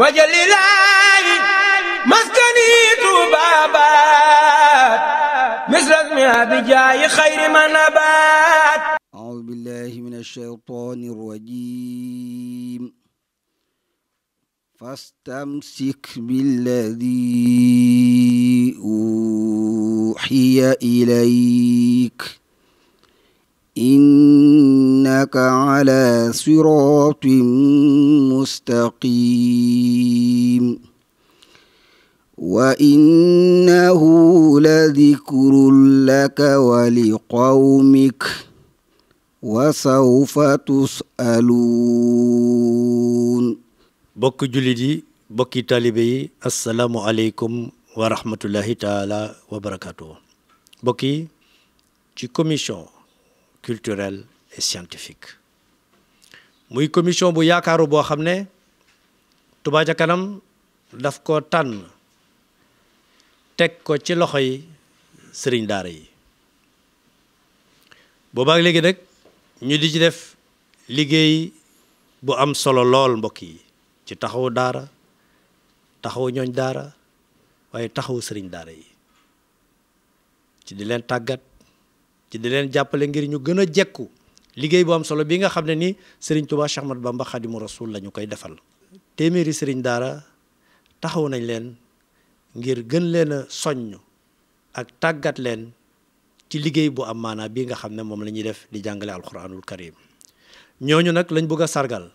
wajalilaayi maskani tuubaabaat misras mi abijaayi xayri ma nabaat aoudu billahi min alcheytaani arrajim fastamsik billadi uuxiya ilayk in إنك على صراط مستقيم وإنه لذكر لك ولقومك وسوف تسألون bokk jullit yi bokki taalibe yi asalaamualeykum wa rahmatullahi taala wa barakaatu bokki ci commission culturelle et scientifique muy commission bu yaakaaru boo xam ne Touba ca kanam daf ko tànn teg ko ci loxo yi sëriñ daara yi boobaak léegi nag ñu di ci def liggéey bu am solo lool mbokk yi ci taxawu daara taxawu ñooñ daara waaye taxawu sëriñ daara yi ci di leen tàggat ci di leen jàppale ngir ñu gën a jekku liggéey bu am solo bii nga xam ne ni Serigne Touba Cheikh Ahmadou Bamba Khadimu Rasul la ñu koy defal téeméeri sëriñ Daara taxaw nañ leen ngir gën leen a soññ ak tàggat leen ci liggéey bu am maanaa bi nga xam ne moom la ñuy def di jàngale alquranul karim ñooñu nag lañ bëgg a sargal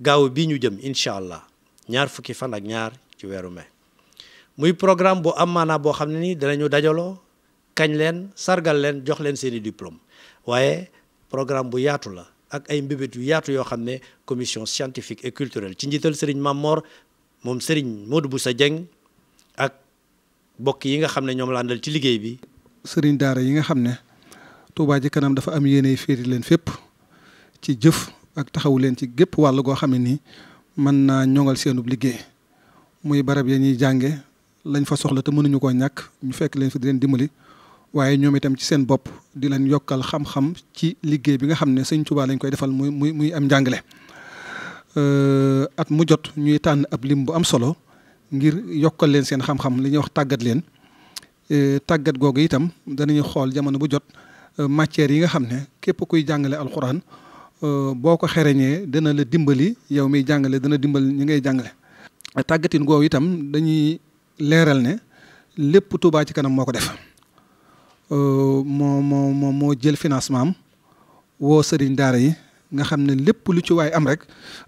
gaaw bi ñu jëm incha allah ñaar fukki fan ak ñaar ci weeru mai muy programme bu am maanaa boo xam ne nii danañu dajaloo kañ leen sargal leen jox leen seeni diplôme waaye programme bu yaatu la ak ay mbébét yu yaatu yoo xam ne commission scientifique et culturelle ci njiital Serigne Mamor moom Serigne bu sa Dieng ak bokk yi nga xam ne ñoom la ndal ci liggéey bi. Serigne Daara yi nga xam ne Touba ji kanam dafa am yéene féeti leen fépp ci jëf ak taxawu leen ci gépp wàll goo xam ne nii mën naa ñoŋal seenub liggéey muy barab ya ñuy jànge lañ fa soxla te mënuñu koo ñàkk ñu fekk leen fi di leen dimbali. waaye ñoom itam ci seen bopp di leen yokkal xam-xam ci liggéey bi nga xam ne sëñ Tuubaa lañ koy defal muy muy muy am njàngale. Äh, at mu jot ñuy tànn ab lim bu am solo ngir yokkal leen seen xam-xam li ñuy wax tàggat leen äh, tàggat googu itam danañu xool jamono bu jot äh, matières yi nga xam ne képp kuy jàngale alxuraan boo ko xereñee dana la dimbali yow miy jàngale dana dimbali ñi ngay jàngale. tàggatin googu itam dañuy leeral ne lépp tubaa ci kanam moo ko def. Euh, moo moo moo jël financement woo sëriñ daara yi nga xam ne lépp lu ci waay am rek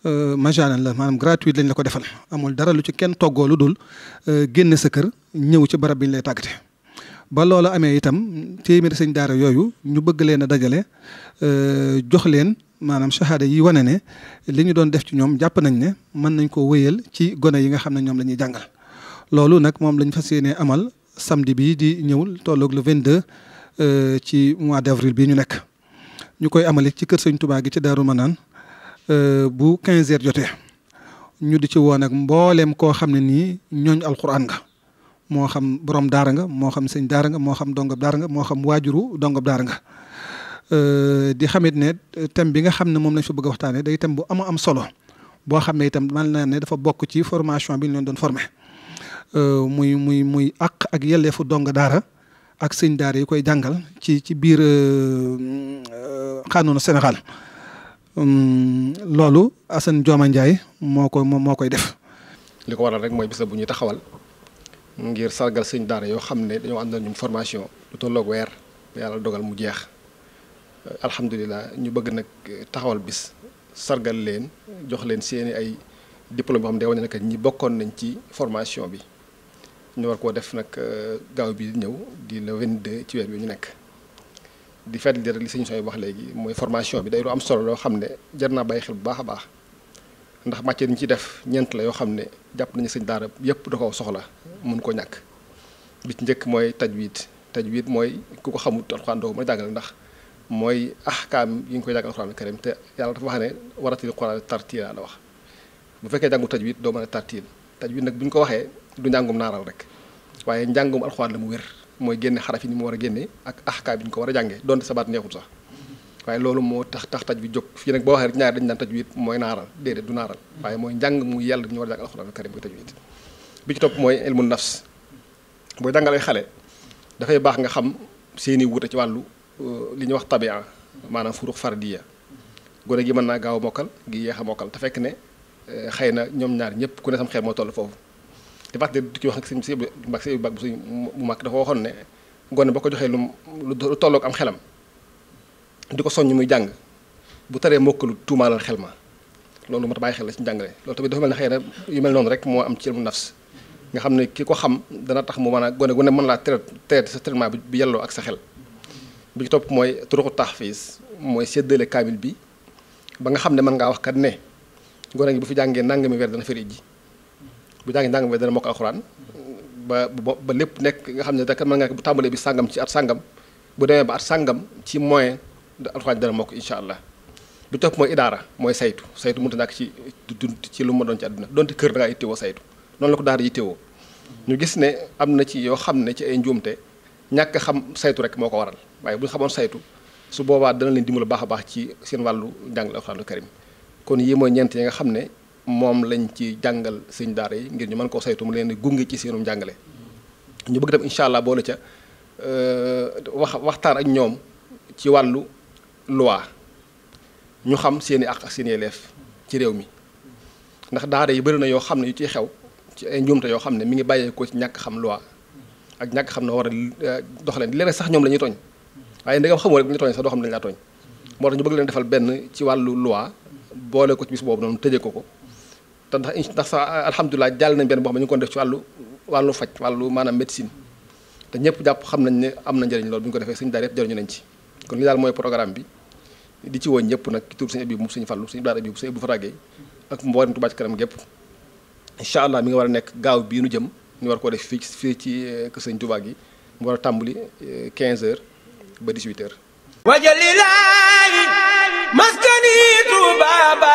euh, majaalan la maanaam gratuite lañ la ko defal amul dara lu ci kenn toggoo lu dul euh, génne sa kër ñëw ci barab bi ñu lay tàggate. ba loolu amee itam téeméeri sëñ daara yooyu ñu bëgg leen a dajale jox leen maanaam shahada yi wane ne li ñu doon def ci ñoom jàpp nañ ne mën nañ ko wéyal ci gone yi nga xam ne ñoom la ñuy jàngal. loolu nag moom lañ fas yéenee amal samedi bi di ñëwul tolloog le 22 euh, ci mois d' avril bi ñu nekk ñu koy amale ci kër sëñ Touba gi ci Daaru Manaan euh, bu 15 heures jotee ñu di ci woon ak mbooleem koo xam ne nii ñooñ alxuraan nga moo xam borom daara nga moo xam sëñ daara nga moo xam dongab daara nga moo xam waajuru dongab daara nga euh, di xamit ne thème bi nga xam ne moom lañ fa bëgg a waxtaanee day thème bu ama am solo boo xam ne itam man naa ne dafa bokk ci formation bi ñu leen doon formé Euh, muy muy muy àq ak yelleefu dong daara ak sëñ daara yi koy jàngal ci ci biir euh, euh, xaanoonu Sénégal loolu Assane Dioma Ndiaye moo ko moo koy def. li ko waral rek mooy bisa bu ñuy taxawal ngir sargal sëñ daara yoo xam ne dañoo àndal ñun formation lu tolloog weer yàlla dogal mu jeex alhamdulilah ñu bëgg nag taxawal bis sargal leen jox leen seeni ay diplôme yoo xam ne day wane ne ñi bokkoon nañ ci formation bi. ñu war koo def nag euh, gaaw bi ñëw di le 22 ci weer bi ñu nekk di fàttali rek li suñu sooy wax léegi mooy formation bi day lu am solo loo xam ne jar naa bàyyi xel bu baax a baax ndax matière yi ñu ci def ñeent la yoo xam ne jàpp nañu sëñ daara yépp da koo soxla mun ko ñàkk bi ci njëkk mooy tajwid tajwid mooy ku ko xamut alxuraan doo ko ndax mooy ahkaam yi ñu koy jàngal alxuraan karim te yàlla dafa wax ne waratil quraan tartiila la wax bu fekkee jàngu wit doo mën a taj tajwid nag bu ñu ko waxee du njàngum naaral rek waaye njàngum alxuraan la mu wér mooy génne xaraf yi ni mu war a génne ak axkaa bi ñu ko war a jàngee donte sabaat neexul sax waaye loolu moo tax tax taj bi jóg fii nag boo waxee rek ñaari dañu daan wit mooy naaral déedéet du naaral waaye mooy njàng mu yàlla ñu war a jàng alxuraan karim koy bi ci topp mooy ilmu nafs boo jàngalee xale dafay baax nga xam seeni wuute ci wàllu euh, li ñuy wax tabia maanaam furuq fardiya gone gi mën naa gaaw a mokkal gi yéex a mokkal te fekk ne euh, xëy na ñoom ñaar ñëpp ku ne sam xel moo toll foofu te Bass de tukki wax ak sëñ Sëñ Mbàkke bu sëñ dafa waxoon ne gone boo ko joxee lu lu tolloog am xelam di ko soññ muy jàng bu taree mokkalu tuumaalal xel ma loolu moo tax bàyyi xel la ci njàngale loolu tamit dafa yu mel noonu rek moo am ci ilmu nafs nga xam ne ki ko xam dana tax mu man a gone ne man laa traité te sa traitement bi yelloo ak sa xel bi ci topp mooy turuqu tahfiz mooy séddale kaamil bi ba nga xam ne man ngaa wax kat ne gone gi bu fi jàngee nangami weer dana firi ji bu jàngi njàng mi dana mokk alxuraan ba ba lépp nekk nga xam ne dak mën nga bu tàmbalee bi sàngam ci at sàngam bu demee ba at sàngam ci moyen de alxuraan dana mokk incha allah bi topp mooy idaara mooy saytu saytu mënut a ñàkk ci ci lu ma doon ci àdduna donte kër da ngaa yittewoo saytu noonu la ko daara yittewoo ñu gis ne am na ci yoo xam ne ci ay njuumte ñàkk xam saytu rek moo ko waral waaye bu ñu xamoon saytu su boobaa dana leen dimbal baax a baax ci seen wàllu njàng alxuraanul karim kon yii mooy ñeent nga xam ne moom lañ ci jàngal sëñ daara yi ngir ñu mën koo saytu mu leen gunge ci seenum jàngale ñu bëgg tam incha allah boole ca euh, wax waxtaan ak ñoom ci wàllu loi ñu xam seen i àq ak seen i ci réew mi ndax daara yi bëri na yoo xam ne yu ciy xew ci ay njuumte yoo xam ne mi ngi bàyyeekoo ci ñàkk xam loi ak ñàkk xam ne war dox euh, doxaleen léeg sax ñoom la ñuy tooñ waaye ndegam xamoo rek bu ñu tooñ sax doo xam ne dañu laa moo tax ñu bëgg leen defal benn ci wàllu loi boole ko ci boobu noonu tëjee ko ko te ndax ndax sax alhamdulilah jàll nañ benn boo xam ne ñu ngi def ci wàllu wàllu faj wàllu maanaam médecine te ñëpp jàpp xam nañ ne am na njëriñ loolu bu ñu ko defee suñu daara yëpp jëriñu nañ ci kon li daal mooy programme bi di ci woo ñëpp nag ci tur suñu Abibu mu suñu Fallu suñu Ibrahima Abibu suñu Abibu mi nga war a nekk gaaw bii nu jëm ñu war koo def fii fii ci eh, kër Sëñ Touba gi mu war a tàmbali 15 eh, heures ba 18 heures wajalilaayi maskani Touba